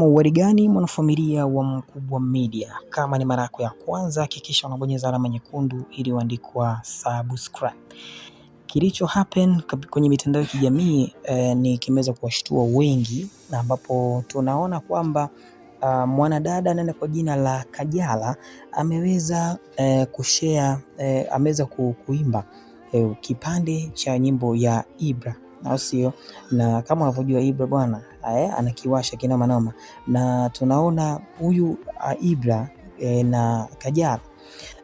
Naam, habari gani mwanafamilia wa Mkubwa Media? Kama ni mara yako ya kwanza, hakikisha unabonyeza alama nyekundu iliyoandikwa subscribe. Kilicho happen kwenye mitandao ya kijamii eh, ni kimeweza kuwashtua wengi, na ambapo tunaona kwamba uh, mwanadada anaenda kwa jina la Kajala ameweza eh, kushare eh, ameweza kuimba eh, kipande cha nyimbo ya Ibra au sio? Na kama unavyojua Ibra bwana eh, anakiwasha kina manoma, na tunaona huyu ah, Ibra e, na Kajala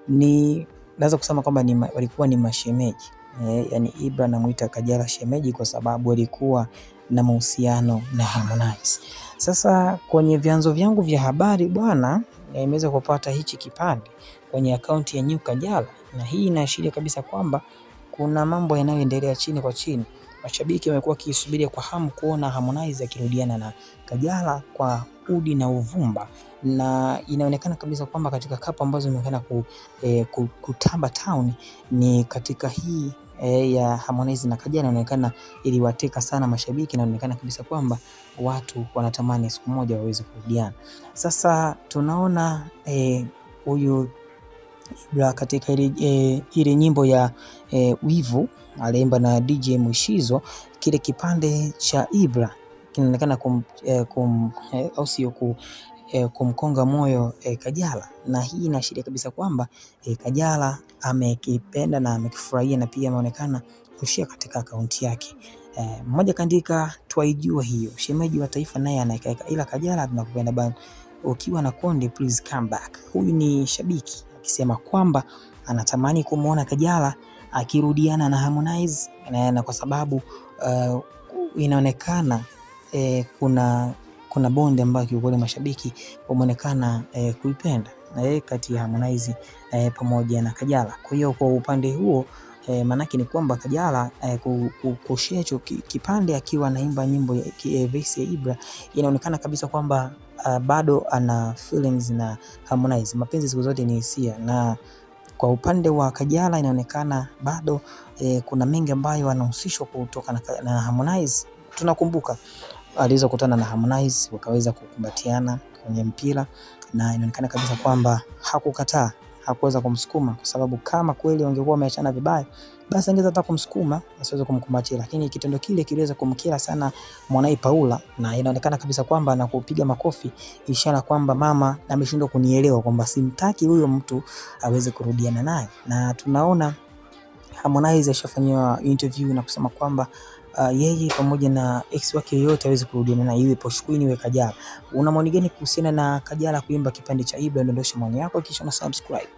ni naweza kusema kwamba ni, walikuwa ni mashemeji e, yani Ibra namuita Kajala shemeji kwa sababu alikuwa na mahusiano na Harmonize. Sasa kwenye vyanzo vyangu vya habari bwana, nimeweza kupata hichi kipande kwenye akaunti ya New Kajala, na hii inaashiria kabisa kwamba kuna mambo yanayoendelea chini kwa chini mashabiki wamekuwa kisubiria kwa hamu kuona Harmonize akirudiana na Kajala kwa udi na uvumba, na inaonekana kabisa kwamba katika kapu ambazo imeonekana ku, eh, kutamba town ni katika hii eh, ya Harmonize na Kajala, inaonekana iliwateka sana mashabiki na inaonekana kabisa kwamba watu wanatamani siku moja waweze kurudiana. Sasa tunaona eh, huyu eh, la katika ile, e, ile nyimbo ya e, Wivu aliimba na DJ Mwishizo, kile kipande cha Ibra kinaonekana kum, e, kum, e, au sio ku E, kumkonga moyo e, Kajala na hii inaashiria kabisa kwamba e, Kajala amekipenda na amekifurahia na pia ameonekana kushia katika akaunti yake. E, mmoja kaandika twaijua hiyo shemeji wa taifa naye anaikaika, ila Kajala tunakupenda bana, ukiwa na konde please come back. Huyu ni shabiki akisema kwamba anatamani kumwona Kajala akirudiana na Harmonize na, na kwa sababu uh, inaonekana eh, kuna kuna bonde ambayo kiukweli mashabiki wameonekana eh, kuipenda eh, kati ya Harmonize eh, pamoja na Kajala. Kwa hiyo kwa upande huo e, eh, maanake ni kwamba Kajala e, kushare hicho kipande akiwa anaimba nyimbo ya e, verse ya Ibra inaonekana kabisa kwamba a, ah, bado ana feelings na Harmonize. Mapenzi siku zote ni hisia, na kwa upande wa Kajala inaonekana bado e, kuna mengi ambayo anahusishwa kutoka na, na Harmonize. Tunakumbuka aliweza kutana na Harmonize wakaweza kukumbatiana kwenye mpira na inaonekana kabisa kwamba hakukataa hakuweza kumsukuma, kwa sababu kama kweli wangekuwa wameachana vibaya, basi angeza hata kumsukuma asiweze kumkumbatia, lakini kitendo kile kiliweza kumkera sana mwanai Paula, na inaonekana kabisa kwamba na kupiga makofi, ishara kwamba mama ameshindwa kunielewa, kwamba simtaki huyo mtu aweze kurudiana naye, na tunaona Harmonize ashafanyiwa interview na kusema kwamba uh, yeye pamoja na ex wake yoyote aweze kurudiana na iwe Queen iwe Kajala. Una maoni gani kuhusiana na Kajala kuimba kipande cha Ibra? Dondosha maoni yako kisha na subscribe.